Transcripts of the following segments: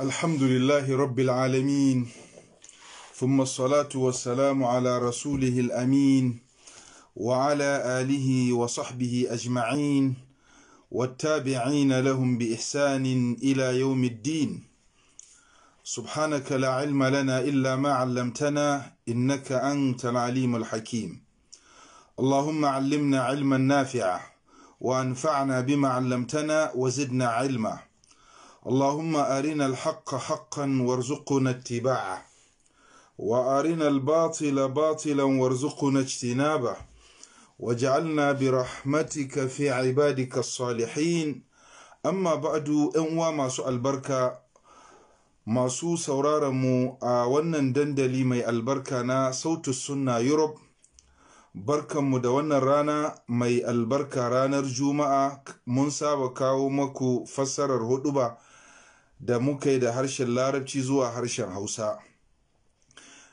الحمد لله رب العالمين ثم الصلاة والسلام على رسوله الأمين وعلى آله وصحبه أجمعين والتابعين لهم بإحسان إلى يوم الدين سبحانك لا علم لنا إلا ما علمتنا إنك أنت العليم الحكيم اللهم علمنا علما نافعا وأنفعنا بما علمتنا وزدنا علما اللهم ارنا الحق حقا وارزقنا اتباعه وارنا الباطل باطلا وارزقنا اجتنابه وجعلنا برحمتك في عبادك الصالحين اما بعد ان وما سوء البركه ما سوء مو آه، ونن دندلي مي البركه نا صوت السنه يورب بركة مدونا رانا مي البركه رانا الجمعه منسى وكاو مكو فسر الهدوبه da muka yi da harshen larabci zuwa harshen hausa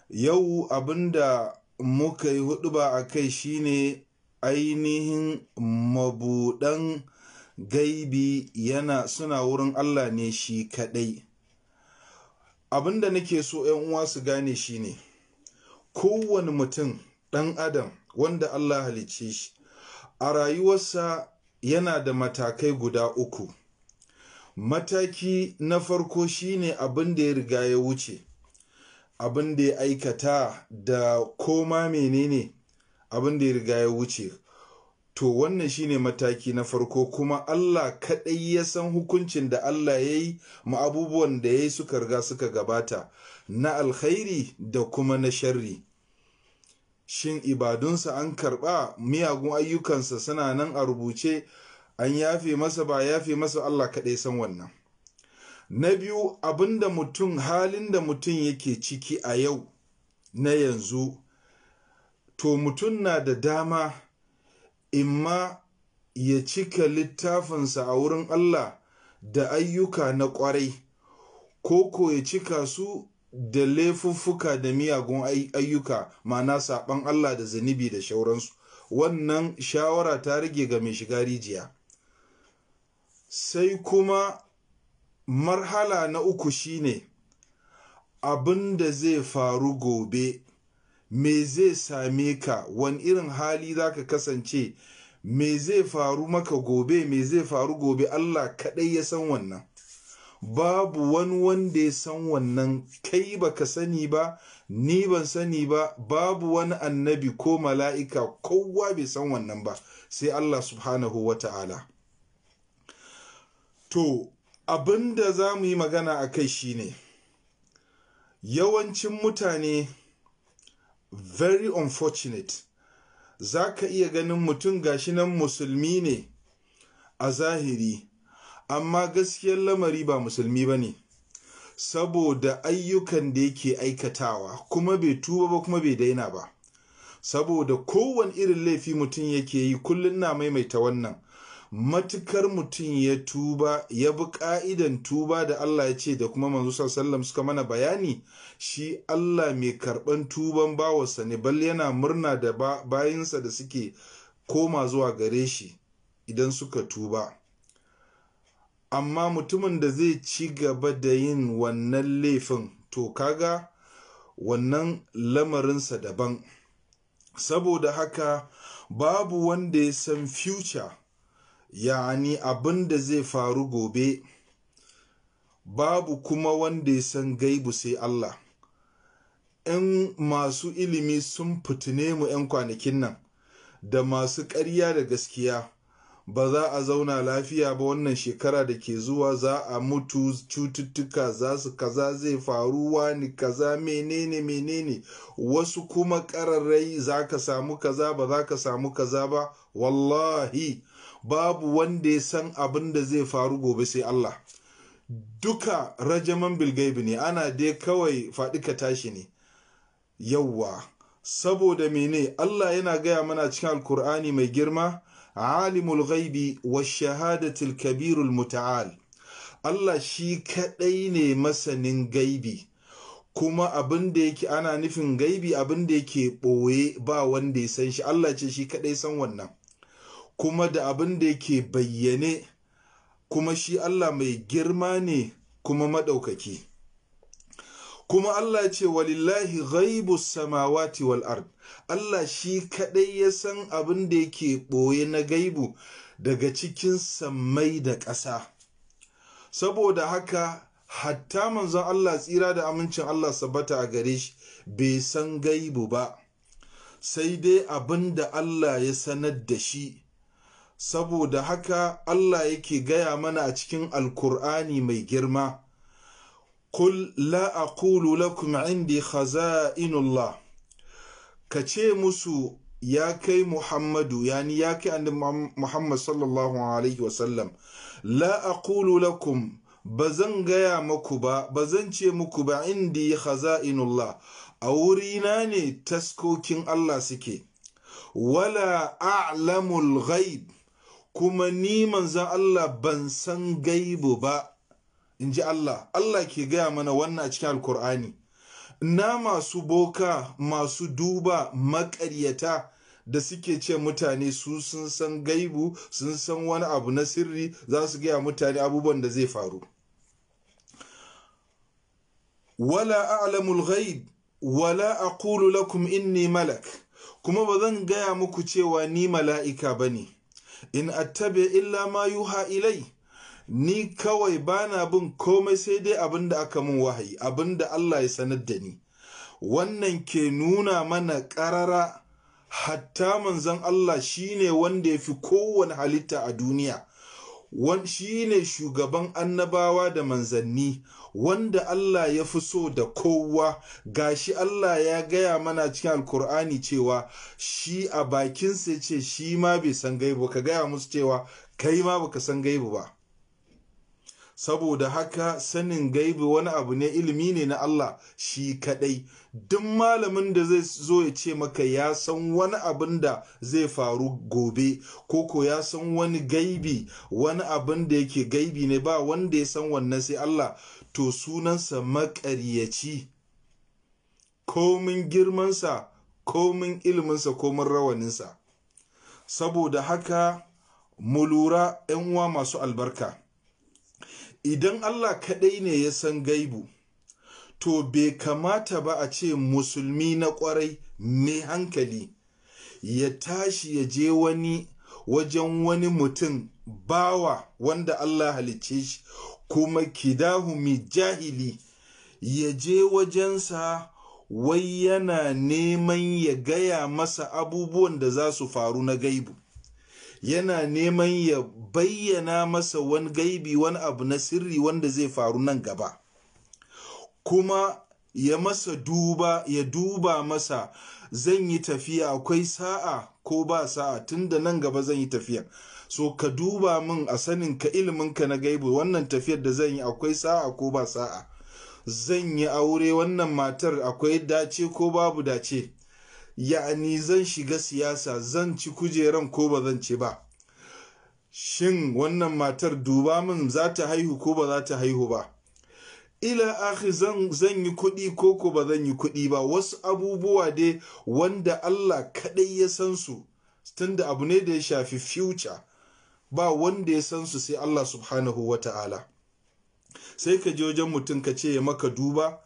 yau abinda muka yi huɗuba a kai shine ainihin mabudan gaibi yana suna wurin allah ne shi kadai abinda nake so yan uwa su gane shine kowane mutum dan adam wanda allah halicce shi a rayuwarsa yana da matakai guda uku mataki na farko shine abin da ya riga ya wuce abin da ya aikata da koma menene abin da ya riga ya wuce to wannan shine mataki na farko kuma Allah kaɗai ya san hukuncin da Allah ya yi ma abubuwan da ya yi suka riga suka gabata na alkhairi da kuma na sharri shin ibadunsa an karɓa miyagun ayyukansa suna nan a rubuce an yafe masa ba yafe masa Allah kaɗai san wannan na biyu abin da mutum halin da mutum yake ciki a yau na yanzu to mutum na da dama imma ya cika littafinsa a wurin Allah da ayyuka na ƙwarai ko ko ya cika su da laifuffuka da miyagun ayyuka ma'ana saɓan Allah da zunubi da shauransu wannan shawara ta rage ga mai shiga rijiya sai kuma marhala na uku shine abin da zai faru gobe me zai same ka wani irin hali za ka kasance me zai faru maka gobe me zai faru gobe allah kaɗai ya san wannan babu wani wanda ya san wannan kai ba ka sani ba ni ban sani ba babu wani annabi ko mala'ika kowa bai san wannan ba sai allah subhanahu wa ta'ala to abin da za mu yi magana a kai shine yawancin mutane very unfortunate za ka iya ganin mutum gashi nan musulmi ne a zahiri amma gaskiyar lamari ba musulmi ba ne saboda ayyukan da yake aikatawa kuma bai tuba ba kuma bai daina ba saboda kowane irin laifi mutum yake yi kullum na maimaita wannan matukar mutum ya tuba ya bi ka'idan tuba da Allah ya ce da kuma manzo sallam suka mana bayani shi Allah mai karban tuban bawarsa ne bal yana murna da bayinsa da suke koma zuwa gare shi idan suka tuba amma mutumin da zai ci gaba da yin wannan laifin to kaga wannan lamarinsa daban saboda haka babu wanda ya san future yani abin da zai faru gobe babu kuma wanda ya san gaibu sai Allah 'yan masu ilimi sun fitine mu 'yan kwanakin nan da masu ƙarya da gaskiya ba za a zauna lafiya ba wannan shekara da ke zuwa za a mutu cututtuka za su kaza zai faru wani kaza menene menene wasu kuma ƙararrai za ka samu kaza ba za ka samu kaza ba wallahi babu wanda ya san abin da zai faru gobe sai Allah duka rajaman bilgaibi ne ana dai kawai faɗi ka tashi ne yawwa saboda mene Allah yana gaya mana cikin alkur'ani mai girma alimul ghaibi wa shahadatil kabirul muta'al Allah shi kaɗai ne masanin gaibi kuma abin da yake ana nufin gaibi abin da yake ɓoye ba wanda ya san shi Allah ce shi kaɗai san wannan kuma da abin da yake bayyane kuma shi Allah mai girma ne kuma maɗaukaki kuma Allah ce walillahi ghaibu samawati wal ard Allah shi kaɗai ya san abin da yake ɓoye na gaibu daga cikin sammai da ƙasa saboda haka hatta manzon Allah tsira da amincin Allah sabbata a gare shi bai san gaibu ba sai dai abin da Allah ya sanar da shi saboda haka Allah yake gaya mana a cikin alkur'ani mai girma Kul la a lakum indi khaza'inullah ka ce musu ya kai Muhammadu yani ya kai annabi Muhammad sallallahu alaihi wasallam la aqulu lakum bazan gaya muku ba bazan ce muku ba indi khaza'inullah a wurina ne taskokin Allah suke wala a'lamul ghaib kuma ni manzan Allah ban san gaibu ba in ji Allah Allah ke gaya mana wannan a cikin alkur'ani na masu boka masu duba maƙaryata da suke ce mutane su sun san gaibu sun san wani abu na sirri za su gaya mutane abubuwan da zai faru wala a'lamul ghaib wala aqulu lakum inni malak kuma ba zan gaya muku cewa ni mala'ika bane in attabe illa ma yuha ilai ni kawai bana bin komai sai dai abin da aka min wahayi abin da Allah ya sanar da ni wannan ke nuna mana ƙarara hatta manzon Allah shine wanda ya fi kowane halitta a duniya wani shi ne shugaban annabawa da manzanni wanda Allah ya fi so da kowa gashi Allah ya gaya mana cikin alkur'ani cewa shi a bakinsa ce shi ma bai san gaibu ka gaya musu cewa kai ma baka san gaibu ba saboda haka sanin gaibi wani abu ne ilimi ne na Allah shi kadai duk malamin da zai zo ya ce maka ya san wani abin da zai faru gobe ko ko ya san wani gaibi wani abin da yake gaibi ne ba wanda ya san wannan sai Allah to sunansa makaryaci komin girmansa komin ilminsa komin rawaninsa saboda haka mu lura 'yan uwa masu albarka idan Allah kaɗai ne ya san gaibu to bai kamata ba a ce musulmi na ƙwarai mai hankali ya tashi ya je wani wajen wani mutum bawa wanda Allah halicce shi kuma kidahu mi jahili ya je wajensa wai yana neman ya gaya masa abubuwan da za su faru na gaibu yana neman ya bayyana masa wani gaibi wani abu na sirri wanda zai faru nan gaba kuma ya masa duba ya duba masa zan yi tafiya akwai sa'a ko ba sa'a tunda nan gaba zan yi tafiya so ka duba min a sanin ka iliminka na gaibu wannan tafiyar da zan yi akwai sa'a ko ba sa'a zan yi aure wannan matar akwai dace ko babu dace ya'ani zan shiga siyasa zan ci kujeran ko ba zan ci ba shin wannan matar duba min za ta haihu ko ba za ta haihu ba ila akhi zan yi kuɗi ko ko ba zan yi kuɗi ba wasu abubuwa dai wanda Allah kaɗai ya san su tunda abu ne da ya shafi future ba wanda ya san su sai Allah subhanahu wa ta'ala sai ka je wajen mutum ka ce ya maka duba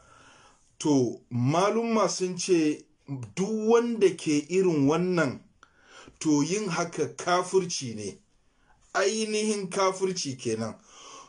to malumma sun ce duk wanda ke irin wannan to yin haka kafurci ne ainihin kafurci kenan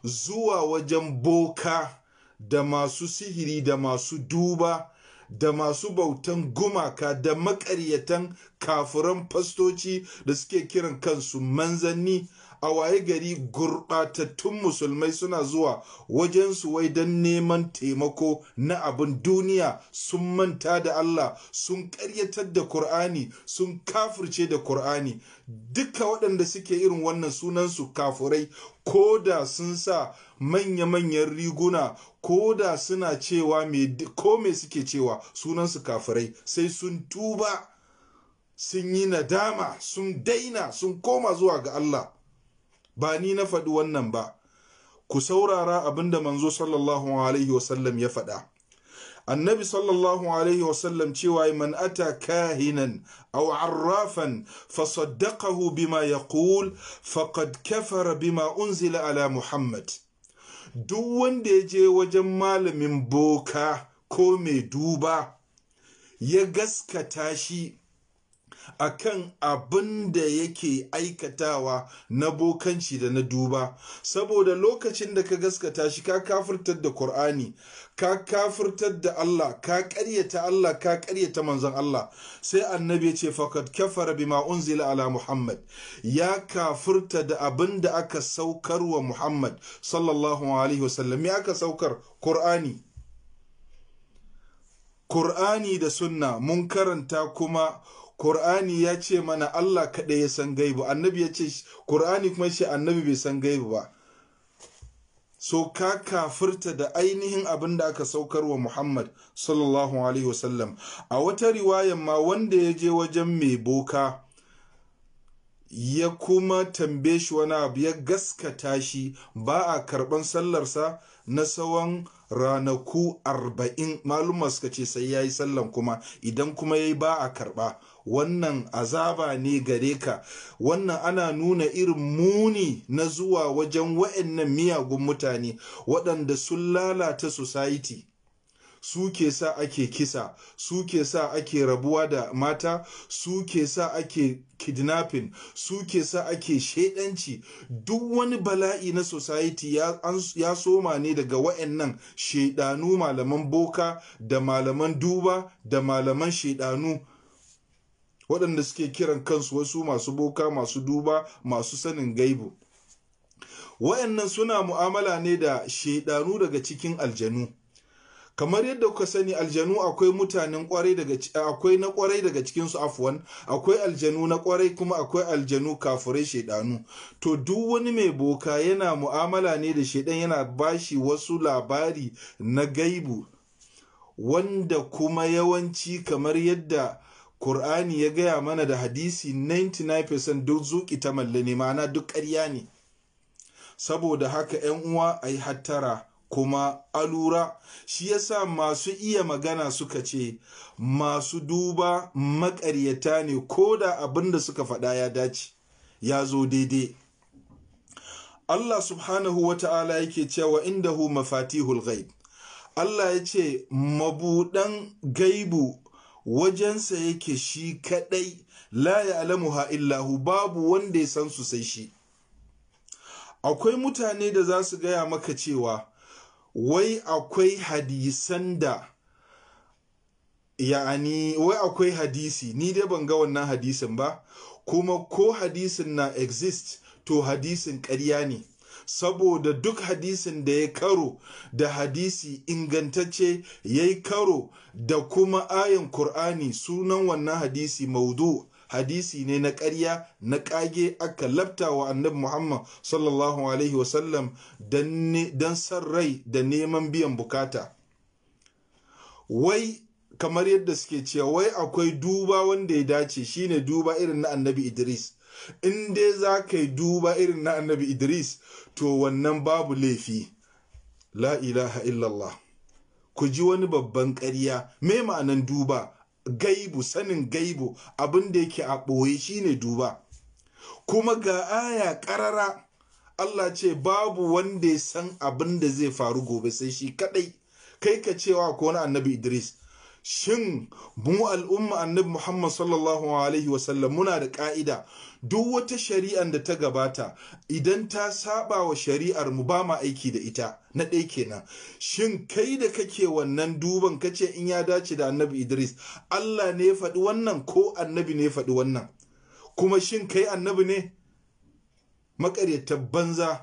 zuwa wajen boka da masu sihiri da masu duba da masu bautan gumaka da makaryatan kafuran fastoci da suke kiran kansu manzanni a waye gari gurɓatattun musulmai suna zuwa wajensu wai don neman taimako na abin duniya sun manta da Allah sun ƙaryatar da Kur'ani sun kafirce da Kur'ani duka waɗanda suke irin wannan sunansu kafurai ko da sun sa manya-manyan riguna ko da suna cewa ko me suke cewa sunansu kafurai, sai sun tuba sun yi nadama sun daina sun koma zuwa ga Allah ba ni na faɗi wannan ba ku saurara abinda manzo sallallahu alaihi wasallam ya faɗa annabi sallallahu alaihi wasallam cewa man ata kahinan aw arrafan fa saddaqahu bima yaqul faqad kafara bima unzila ala muhammad duk wanda ya je wajen malamin boka ko mai duba ya gaskata shi akan abin da yake aikatawa na bokanci da na duba saboda lokacin da ka gaskata shi ka kafirtar da Kur'ani ka kafurtar da Allah ka karyata Allah ka ƙaryata manzon Allah sai annabi ya ce faqad kafara bima unzila ala Muhammad ya kafurta da abin da aka saukar wa Muhammad sallallahu alaihi wasallam ya aka saukar Kur'ani Kur'ani da sunna mun karanta kuma kur'ani ya ce mana Allah kaɗai ya san gaibu annabi ya ce Kur'ani kuma shi annabi bai san gaibu ba so ka kafirta da ainihin abin da aka saukar wa Muhammad sallallahu alaihi wasallam a wata riwayan ma wanda ya je wajen mai boka ya kuma tambaye shi wani abu ya gaskata shi ba a karɓan sallarsa na tsawon ranaku arba'in maluma suka ce sai ya yi sallan kuma idan kuma ya yi ba a karba wannan azaba ne gare ka wannan ana nuna irin muni na zuwa wajen wa'annan miyagun mutane waɗanda sun lalata society su ke sa ake kisa su ke sa ake rabuwa da mata su ke sa ake kidnapping su ke sa ake shaidanci, duk wani bala'i na society ya, soma ne daga wa'annan shaidanu malaman boka da malaman duba da malaman shaidanu waɗanda suke kiran kansu wasu masu boka masu duba masu sanin gaibu Wayannan suna mu'amala ne da shaidanu daga cikin aljanu kamar yadda kuka sani aljanu akwai mutanen kwarai daga akwai na kwarai daga cikin su afwan akwai aljanu na kwarai kuma akwai aljanu kafurai shedanu to duk wani mai boka yana mu'amala ne da shedan yana bashi wasu labari na gaibu wanda kuma yawanci kamar yadda Kur'ani ya gaya mana da hadisi 99% duk zuki ta malle ne ma'ana duk ƙarya ne saboda haka 'yan uwa a yi hattara kuma alura shi yasa masu iya magana suka ce masu duba makaryata ne ko da abin suka faɗa ya dace ya zo daidai Allah subhanahu wa ta'ala yake cewa inda hu mafatihul ghaib Allah ya ce mabuɗan gaibu wajensa yake shi kaɗai la ya'lamuha illahu babu wanda ya san su sai shi akwai mutane da za su gaya maka cewa wai akwai hadisan da yani wai akwai hadisi ni dai ban ga wannan hadisin ba kuma ko hadisin na exist to hadisin ƙarya ne saboda duk hadisin da ya karo da hadisi ingantacce ya yi karo da kuma ayin ƙur'ani sunan wannan hadisi maudu hadisi ne na ƙarya na ƙage aka labta wa annabi muhammad sallallahu alaihi wasallam don san rai da neman biyan bukata wai kamar yadda suke cewa wai akwai duba wanda ya dace shine duba irin na annabi idris in dai za ka yi duba irin na annabi idris to wannan babu laifi la ilaha illallah ku ji wani babban ƙarya me ma'anan duba gaibu sanin gaibu abinda yake a ɓoye shine duba kuma ga aya ƙarara Allah ce babu wanda ya san abin da zai faru gobe sai shi kadai kai ka cewa ko wani annabi Idris shin mu al'umma annabi Muhammad sallallahu alaihi wasallam muna da ka'ida duk wata shari'ar da ta gabata idan ta saba wa shari'ar mu ba ma aiki da ita na ɗaya kenan shin kai da kake wannan duban kace in ya dace da annabi Idris Allah ne faɗi wannan ko annabi ne faɗi wannan kuma shin kai annabi ne maƙaryatar banza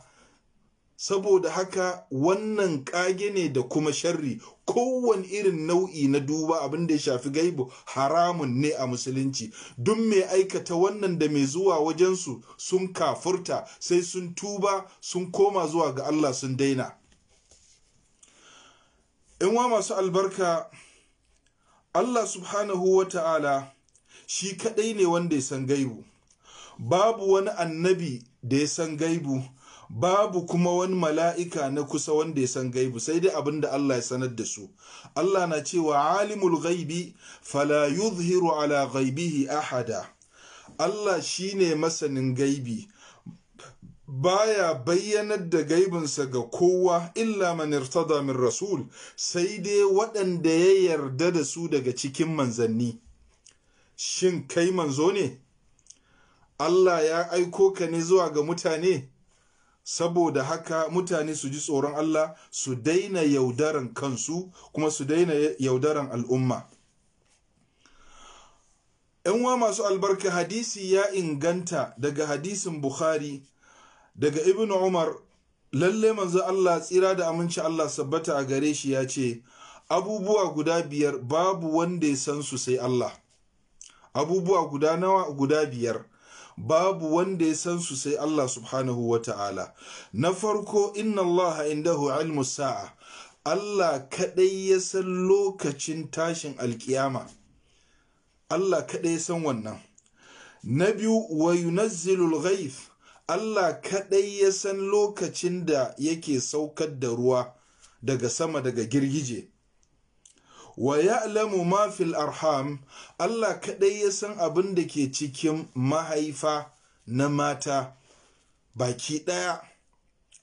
saboda haka wannan kage ne da kuma sharri kowane irin nau'i na duba abin da ya shafi gaibu haramun ne a musulunci duk mai aikata wannan da mai zuwa wajensu sun kafurta sai sun tuba sun koma zuwa ga Allah sun daina in wa masu albarka Allah subhanahu wa ta'ala shi kaɗai ne wanda ya san gaibu babu wani annabi da ya san gaibu babu kuma wani mala'ika na kusa wanda ya san gaibu sai dai abin da Allah ya sanar da su Allah na cewa alimul gaibi fala yuzhiru ala gaibihi ahada Allah shine masanin gaibi baya bayyanar da gaibinsa ga kowa illa man irtada min rasul sai dai waɗanda ya yarda da su daga cikin manzanni shin kai manzo ne Allah ya aiko ka ne zuwa ga mutane saboda haka mutane su ji tsoron Allah su daina yaudaran kansu kuma su daina yaudaran al'umma wa masu albarka hadisi ya inganta daga hadisin bukhari daga ibn umar lalle manzo Allah tsira da aminci Allah sabbata a gare shi ya ce abubuwa guda biyar babu wanda ya san su sai Allah abubuwa guda nawa guda biyar babu wanda ya san su sai Allah subhanahu wa ta'ala na farko inna Allah indahu ilmu sa'a Allah kaɗai ya san lokacin tashin alkiyama Allah kaɗai ya san wannan na biyu wa yunazzilul ghaith Allah kaɗai ya san lokacin da yake saukar da ruwa daga sama daga girgije wa ya'lamu ma fil arham Allah kaɗai ya san abin da ke cikin mahaifa na mata baki ɗaya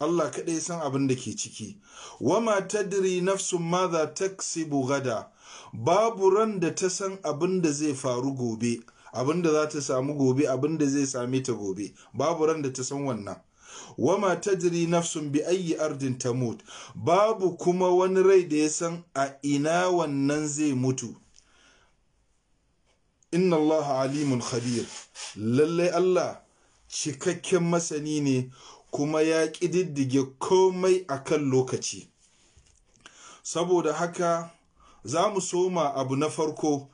Allah kaɗai ya san abin da ke ciki wa ma tadri nafsu ma za taksibu gada babu ran da ta san abin da zai faru gobe abin da za ta samu gobe abin da zai same ta gobe babu ran da ta san wannan wama tajri nafsun bi ayyi ardin tamut babu kuma wani rai da ya san a ina wannan zai mutu inna Allah alimun khabir Lallai Allah cikakken masani ne kuma ya ƙididdige komai a kan lokaci saboda haka za mu soma abu na farko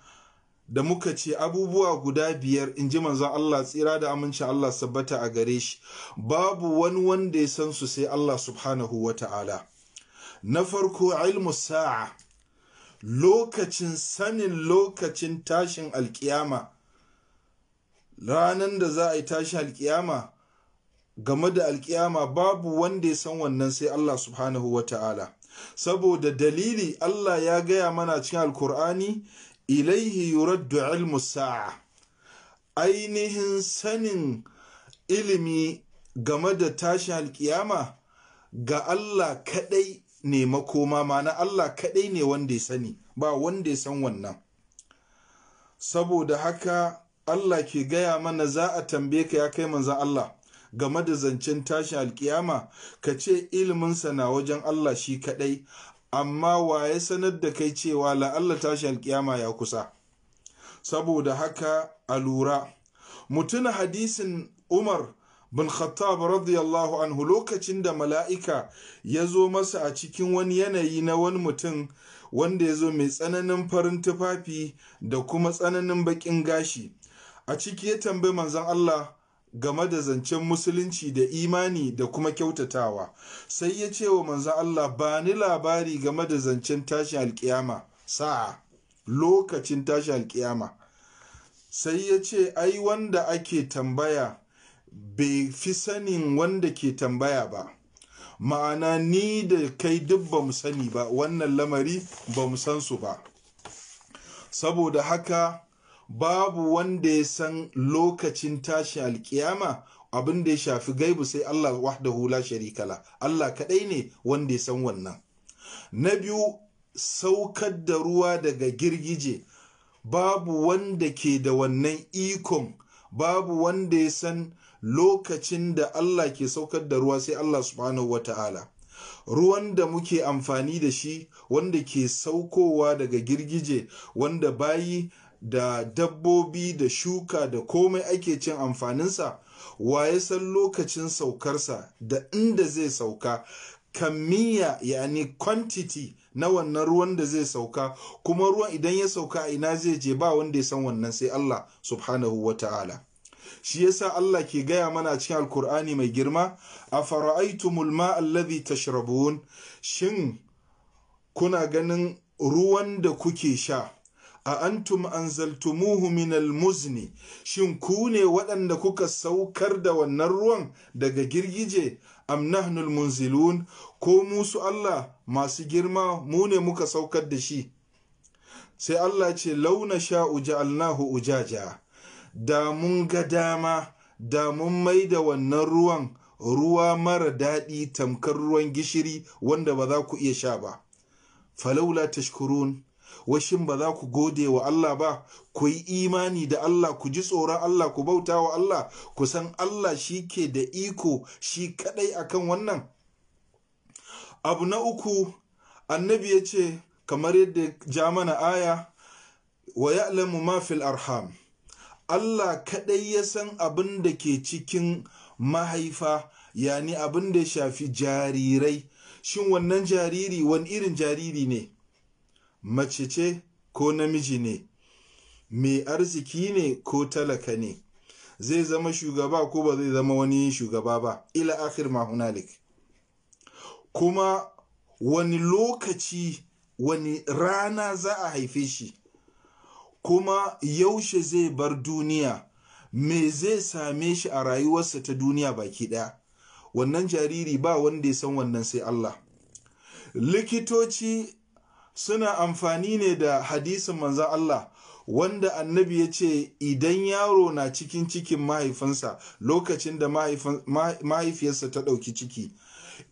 da muka ce abubuwa guda biyar in ji manzon Allah tsira da aminci Allah sabbata a gare shi babu wani wanda ya san su sai Allah subhanahu wa ta'ala na farko ilmu sa'a lokacin sanin lokacin tashin alkiyama ranar da za a yi tashin alkiyama game da alkiyama babu wanda ya san wannan sai Allah subhanahu wa ta'ala saboda dalili Allah ya gaya mana cikin alkur'ani ilaihi yuraddu ilmu sa'a ainihin sanin ilimi game da tashin alkiyama ga Allah kaɗai ne makoma mana Allah kaɗai ne wanda ya sani ba wanda ya san wannan saboda haka Allah ke gaya mana za a tambaye ka ya kai manzan Allah game da zancen tashi alkiyama ka ce ilminsa na wajen Allah shi kaɗai amma wa ya sanar da kai cewa la'alla tashi alkiyama ya kusa saboda haka a lura mutuna hadisin umar bin khattab radiyallahu anhu lokacin da mala'ika ya zo masa a cikin wani yanayi na wani mutum wanda ya zo mai tsananin farin tufafi da kuma tsananin baƙin gashi a ciki ya tambayi manzon Allah game da zancen musulunci da imani da kuma kyautatawa sai ya ce wa manzo Allah ba ni labari game da zancen tashin alkiyama sa'a lokacin tashin alkiyama sai ya ce ai wanda ake tambaya bai fi sanin wanda ke tambaya ba ma'ana ni da kai duk ba sani ba wannan lamari ba san su ba saboda haka babu wanda ya san lokacin tashi alkiyama abin da ya shafi gaibu sai Allah wahda hula sharikala Allah kaɗai ne wanda ya san wannan na biyu saukar da ruwa daga girgije babu wanda ke da wannan ikon babu wanda ya san lokacin da Allah ke saukar da ruwa sai Allah subhanahu wa ta'ala ruwan da muke amfani da shi wanda ke saukowa daga girgije wanda bayi da dabbobi da shuka da komai ake cin amfaninsa wa ya san lokacin saukarsa da inda zai sauka ya yani kwantiti na wannan ruwan da zai sauka kuma ruwan idan ya sauka a ina zai je ba wanda ya san wannan sai Allah subhanahu wa ta'ala shi yasa Allah ke gaya mana cikin alkur'ani mai girma a fara'aitumul ma'a alladhi tashrabun shin kuna ganin ruwan da kuke sha a antum anzaltumuhu min muzni shin ku ne waɗanda kuka saukar da wannan ruwan daga girgije am nahnul munzilun ko musu Allah masu girma mu ne muka saukar da shi sai Allah ce launa sha uja'alnahu ujaja da mun ga dama da mun mai da wannan ruwan ruwa mara daɗi tamkar ruwan gishiri wanda ba za ku iya sha ba falaula tashkurun washin ba za ku gode wa Allah ba ku yi imani da Allah ku ji tsoron Allah ku bauta wa Allah ku san Allah shi ke da iko shi kadai akan wannan abu na uku annabi ya ce kamar yadda ja mana aya wa ya'lamu ma fil arham Allah kadai ya san abin da ke cikin mahaifa yani abin da ya shafi jarirai shin wannan jariri wani irin jariri ne mace ce ko namiji ne mai arziki ne ko talaka ne zai zama shugaba ko ba zai zama wani shugaba ba ila akhir ma kuma wani lokaci wani rana za a haife shi kuma yaushe zai bar duniya me zai same shi a rayuwarsa ta duniya baki ɗaya wannan jariri ba wanda ya san wannan sai Allah likitoci suna amfani ne da hadisin manzan Allah wanda annabi ya ce idan yaro na cikin cikin mahaifinsa lokacin da mahaifiyarsa ta ɗauki ciki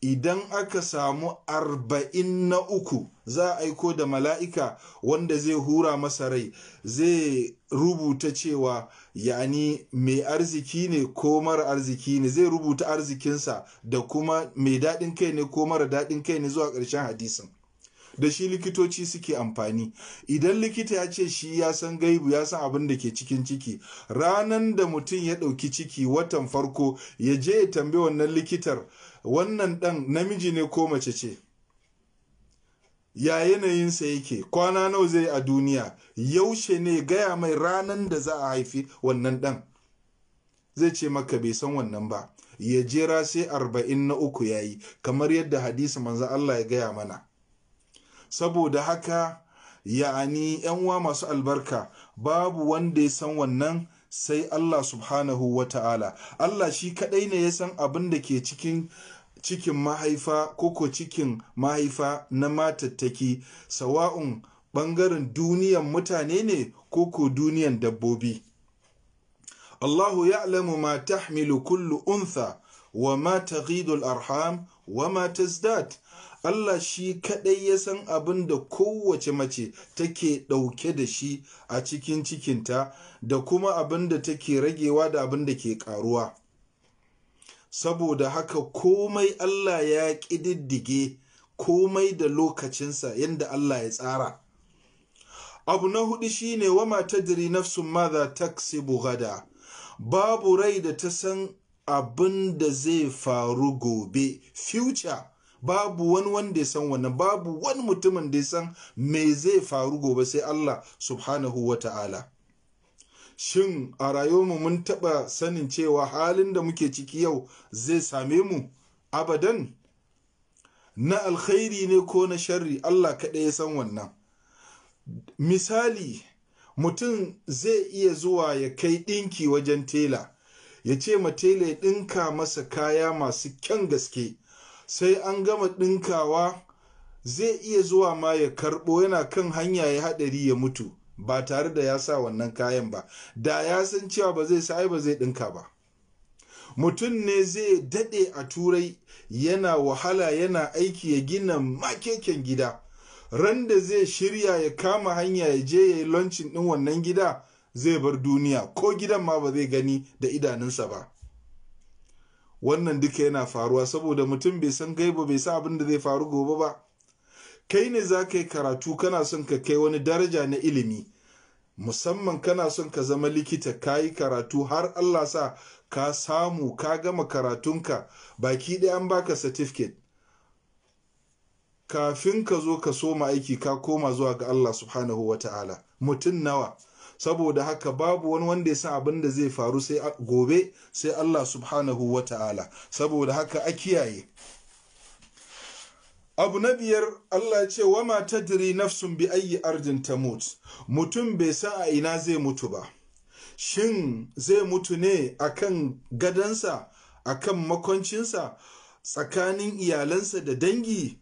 idan aka samu arba'in na uku za a aiko da mala'ika wanda zai hura masa rai zai rubuta cewa yani mai arziki ne ko mara arziki ne zai rubuta arzikinsa da kuma mai daɗin kai ne ko mara daɗin kai ne zuwa ƙarshen hadisin da shi likitoci suke amfani idan likita ya ce shi ya san gaibu ya san abin da ke cikin ciki ranan da mutum ya ɗauki ciki watan farko ya je ya tambi wannan likitar wannan ɗan namiji ne ko mace ce ya yanayinsa yake kwana nawa zai a duniya yaushe ne gaya mai ranan da za a haifi wannan ɗan zai ce maka bai san wannan ba ya jera sai arba'in na uku ya yi kamar yadda hadisi manzo Allah ya gaya mana saboda haka ya'ani yan uwa masu albarka babu wanda ya san wannan sai Allah subhanahu wa ta'ala Allah shi kadai ne ya san abin da ke cikin cikin mahaifa koko cikin mahaifa na matattaki sawa'un ɓangaren duniyan mutane ne koko duniyan dabbobi Allahu ya'lamu ma tahmilu kullu untha wa ma taghidul arham wa ma tazdad Allah shi kaɗai ya san abin da kowace mace take ɗauke da shi a cikin cikinta da kuma abin da take ragewa da abin da ke ƙaruwa. Saboda haka komai Allah ya ƙididdige komai da lokacinsa yadda Allah ya tsara. Abu na hudu shi shine wama tadri nafsun za ta gada, babu rai da ta san abin da zai faru gobe, future. babu wani wanda ya san wannan babu wani mutumin da ya san me zai faru gobe sai Allah subhanahu wa ta'ala shin a rayuwarmu mun taɓa sanin cewa halin da muke ciki yau zai same mu abadan na alkhairi ne ko na sharri Allah kaɗai ya san wannan misali mutum zai iya zuwa ya kai ɗinki wajen tela ya ce ma tela ya ɗinka masa kaya masu kyan gaske sai an gama ɗinkawa zai iya zuwa ma ya karɓo yana kan hanya ya haɗari ya mutu ba tare da ya sa wannan kayan ba da ya san cewa ba zai sa ba zai ɗinka ba mutum ne zai daɗe a turai yana wahala yana aiki ya gina makeken gida ran da zai shirya ya kama hanya ya je ya yi lancin ɗin wannan gida zai bar duniya ko gidan ma ba zai gani da idanunsa ba wannan duka yana faruwa saboda mutum bai san gaiba bai sa abin da zai faru gobe ba kai ne za ka yi karatu kana son ka kai wani daraja na ilimi musamman kana son ka zama likita ka yi karatu har allah sa ka samu ka gama karatunka baki ɗaya an baka certificate kafin ka zo ka soma aiki ka koma zuwa ga allah subhanahu wa ta'ala mutum nawa saboda haka babu wani wanda ya san abin da zai faru sai gobe sai Allah subhanahu wa ta'ala saboda haka a kiyaye abu na biyar Allah ya ce wama tadri nafsun bi ayyi ardin mutu mutum bai san a ina zai mutu ba shin zai mutu ne akan gadansa akan makoncinsa tsakanin iyalansa da dangi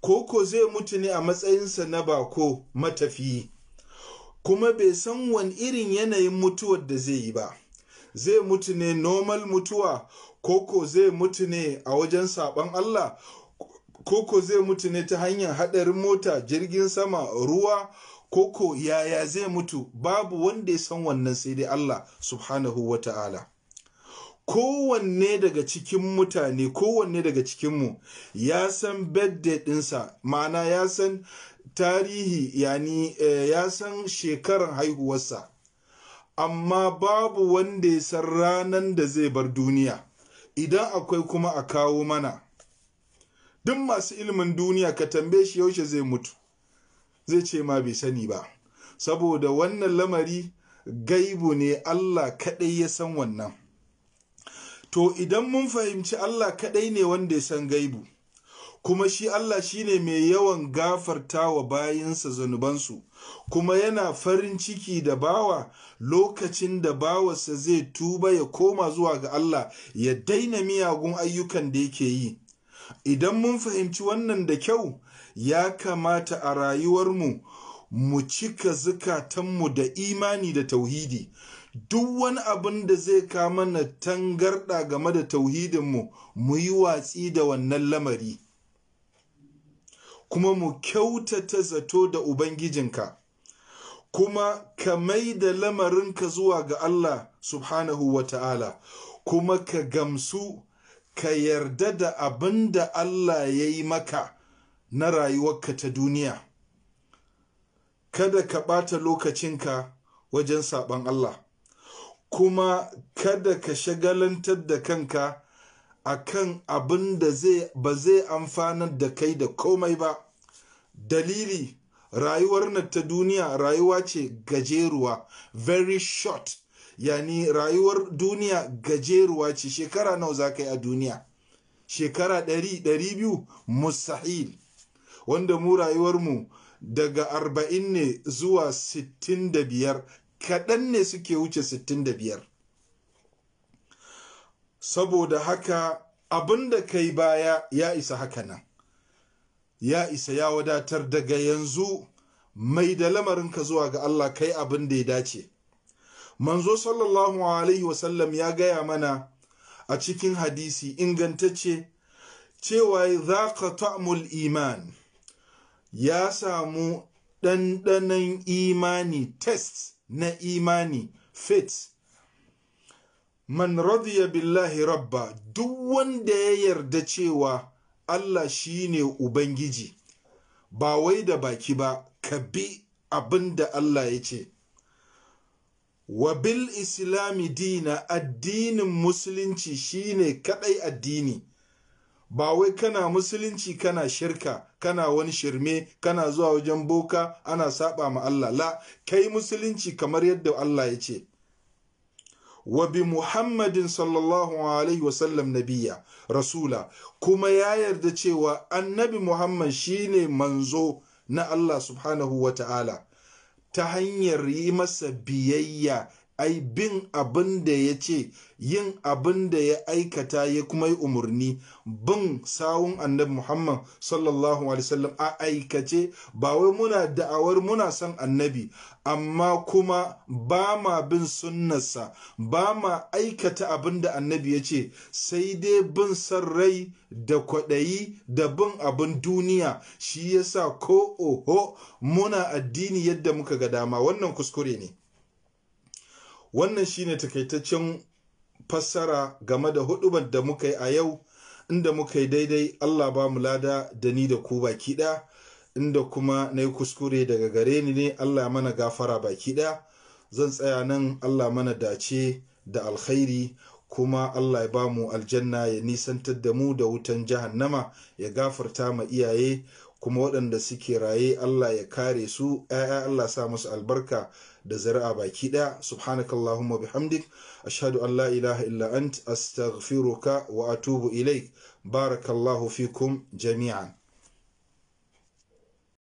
koko zai mutu ne a matsayinsa na bako matafiyi kuma bai san wani irin yanayin mutuwar da zai yi ba zai mutu ne normal mutuwa koko zai mutu ne a wajen saban Allah koko zai mutu ne ta hanyar haɗarin mota jirgin sama ruwa koko yaya zai mutu babu wanda ya san wannan sai dai Allah subhanahu wa ta'ala kowanne daga cikin mutane kowanne daga cikinmu ya san birthday dinsa ma'ana ya san tarihi yani e ya san shekaran haihuwarsa amma babu wanda ya san ranar da zai bar duniya idan akwai kuma a kawo mana duk masu ilimin duniya ka tambaye shi yaushe zai mutu zai ce ma bai sani ba saboda wannan lamari gaibu ne Allah kaɗai ya san wannan to idan mun fahimci Allah kaɗai ne wanda ya san gaibu kuma shi Allah shi ne mai yawan gafarta wa bayansa zunubansu kuma yana farin ciki da bawa lokacin da bawarsa zai tuba ya koma zuwa ga Allah ya daina miyagun ayyukan da yake yi idan mun fahimci wannan da kyau ya kamata a rayuwarmu mu cika zukatanmu da imani da tauhidi duk wani abin da zai kama na tangarɗa game da tauhidinmu mu yi watsi da wannan lamari kuma mu kyautata zato da ubangijinka kuma ka mai da lamarinka zuwa ga Allah subhanahu wa ta'ala kuma ka gamsu ka yarda da abin da Allah ya yi maka na rayuwarka ta duniya kada ka ɓata lokacinka wajen saɓan Allah kuma kada ka shagalantar da kanka a kan abin da ba zai amfanar da kai da komai ba dalili rayuwar na ta duniya rayuwa ce gajeruwa very short yani rayuwar duniya gajeruwa ce shekara nawa za ka yi a duniya shekara 100-200 mustahil wanda mu rayuwarmu daga 40 ne zuwa 65 kaɗan ne suke wuce 65 saboda haka abin da kai baya ya isa haka nan ya isa ya wadatar daga yanzu mai da lamarinka zuwa ga Allah kai abin da ya dace manzo sallallahu alaihi wasallam ya gaya mana a cikin hadisi ingantacce cewa za ka ta'mul iman ya samu ɗanɗanon imani test na imani fit man radiya billahi rabba duk wanda ya yarda cewa Allah shi shine ubangiji ba wai da baki ba ka bi abin da Allah ya ce wa bil islami dina addinin musulunci shi ne kadai addini ba wai kana musulunci kana shirka kana wani shirme kana zuwa wajen boka ana saba ma Allah la kai musulunci kamar yadda Allah ya ce wa bi muhammadin sallallahu alaihi wasallam nabiya rasula kuma ya yarda cewa annabi muhammad shine manzo na allah subhanahu wa ta'ala ta hanyar yi masa biyayya ai bin abin da ya ce yin abin da ya aikata ya kuma yi umarni bin sawun annabi muhammad sallallahu alaihi wasallam a aikace ba wai muna da'awar muna son annabi amma kuma ba ma bin sunnarsa ba ma aikata abin da annabi ya ce sai dai bin san rai da kwaɗayi da bin abin duniya shi yasa ko oho muna addini yadda muka ga dama wannan kuskure ne wannan shine takaitaccen fassara game da hudubar da muka yi a yau inda muka yi daidai Allah ba mu lada da ni da ku baki ɗaya inda kuma na yi kuskure daga gare ni ne Allah mana gafara baki ɗaya zan tsaya nan Allah mana dace da alkhairi kuma Allah ya ba mu aljanna ya nisantar da mu da wutan jahannama ya gafarta ma iyaye kuma waɗanda suke raye Allah ya kare su ‘ya'ya Allah sa musu albarka da zari'a baki daya subhanakallahumma bihamdik ashadu an la ilaha illa ant astaghfiruka wa atubu ilaik barakallahu fikum jami'an